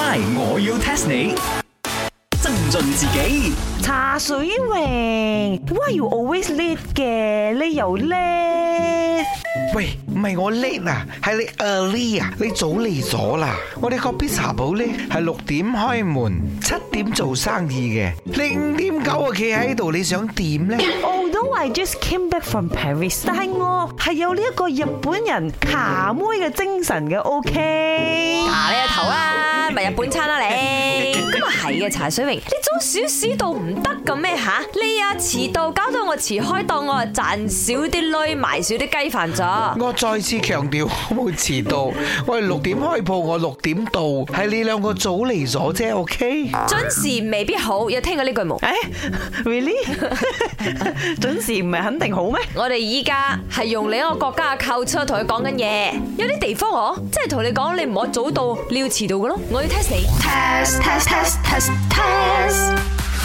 我要 test 你，增進自己。茶水榮，Why you always late 嘅理由咧？喂，唔係我叻啊，係你 early 啊，你早嚟咗啦。我哋個 pizza 堡咧係六點開門，七點做生意嘅，零點九啊企喺度，你想點咧？Although I just came back from Paris，但係我係有呢一個日本人卡妹嘅精神嘅，OK？茶你個頭啊！咪日本餐啦你，咁啊係嘅柴水榮。少少到唔得咁咩吓？你啊遲到，搞到我遲開檔，我賺少啲鐳，賣少啲雞飯咗。我再次強調，我冇遲到。我哋六點開鋪，我六點到，係你兩個早嚟咗啫。OK，準時未必好，有聽過呢句冇？哎、欸、，really？ 準時唔係肯定好咩？我哋依家係用另一個國家嘅口出同佢講緊嘢，有啲地方我即係同你講，你唔好早到，你要遲到嘅咯，我要聽死。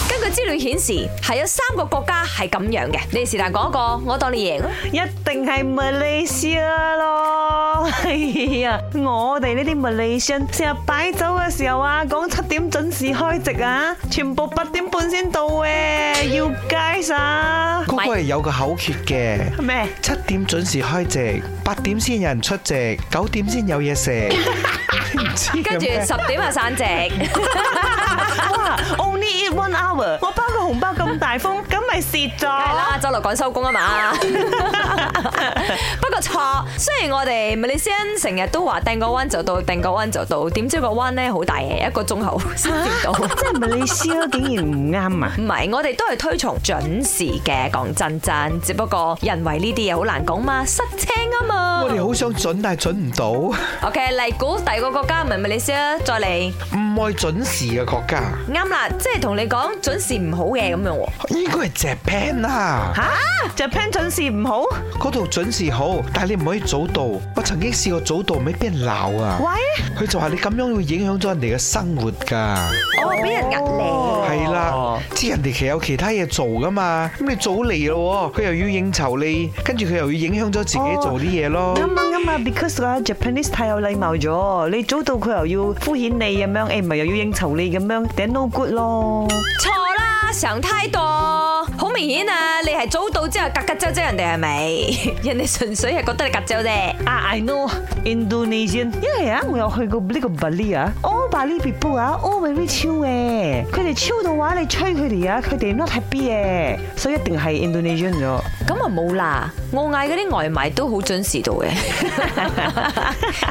根據資料顯示，係有三個國家係咁樣嘅。你是但講一個，我當你贏。一定係 Malaysia 咯。哎我哋呢啲 Malaysian 成日擺酒嘅時候啊，講七點準時開席啊，全部八點半先到誒，要 guess 嗰個係有個口訣嘅。咩？七點準時開席，八點先有人出席，九點先有嘢食。跟住十點啊散席。 大風咁咪蝕咗，係啦走落趕收工啊嘛。 不過錯，雖然我哋咪李思欣成日都話定個彎就到，定個彎就到，點知個彎咧好大嘅，一個鐘頭先到，即係唔係李思欣竟然唔啱啊？唔係， 我哋都係推崇準時嘅，講真真，只不過人為呢啲嘢好難講嘛，塞車啊嘛。想準但係準唔到。OK，嚟估第二個國家，明唔咪你先啊？再嚟。唔愛準時嘅國家。啱啦，即係同你講準時唔好嘅咁樣。應該係 Japan 啊。吓，Japan 準時唔好？嗰度準時好，但係你唔可以早到。我曾經試過早到，咪俾人鬧啊。喂。佢就話你咁樣會影響咗人哋嘅生活噶。哦，俾人壓你。係啦。知人哋其實有其他嘢做噶嘛，咁你早嚟咯，佢又要應酬你，跟住佢又要影響咗自己做啲嘢咯。啱啱啊，because 嗰個 Japanese 太有禮貌咗，你早到佢又要敷衍你咁樣，誒唔係又要應酬你咁樣，頂 no good 咯。錯啦，想太多。明顯啊，你係早到之後格格周啫，人哋係咪？人哋純粹係覺得你格洲啫。啊，I know Indonesian。因為啊，我有去過呢個 Bali 啊，All Bali people 啊，All very chill 嘅。佢哋超到話你催佢哋啊，佢哋 not happy 嘅，所以一定係 Indonesian 咗。咁啊冇啦，我嗌嗰啲外賣都好準時到嘅，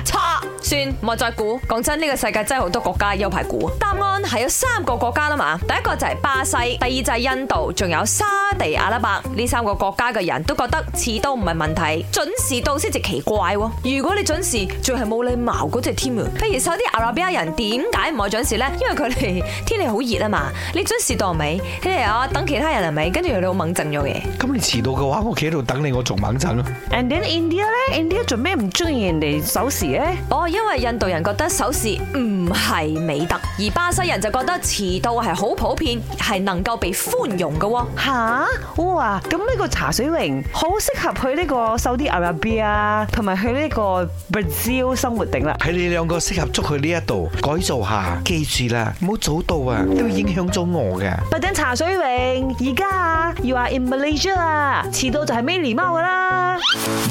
錯。算唔係再估，講真呢個世界真係好多國家有排估。答案係有三個國家啊嘛，第一個就係巴西，第二就係印度，仲有沙地阿拉伯呢三個國家嘅人都覺得遲到唔係問題，準時到先至奇怪。如果你準時，仲係冇禮貌嗰隻添。譬如收啲阿拉伯人點解唔愛準時呢？因為佢哋天氣好熱啊嘛，你準時到未？你啊等其他人係咪？跟住你好猛震咗嘅。咁你遲到嘅話，我企喺度等你，我仲猛震咯。And then India 咧？India 做咩唔中意人哋守時咧？Oh, 因為印度人覺得守時唔係美德，而巴西人就覺得遲到係好普遍，係能夠被寬容嘅喎、啊。吓哇！咁呢個茶水泳好適合去呢個 Saudi Arabia 同埋去呢個 Brazil 生活定啦。係你兩個適合捉去呢一度改造下，記住啦，唔好早到啊，都影響咗我嘅。屋頂茶水泳而家。You are in Malaysia 啊，遲到就係咩禮貌啦。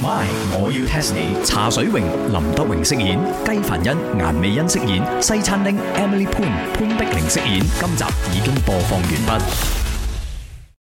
My，我要 test 你。茶水榮、林德榮飾演，雞凡欣、顏美恩飾演，西餐廳 Emily Poon，潘碧玲飾演。今集已經播放完畢。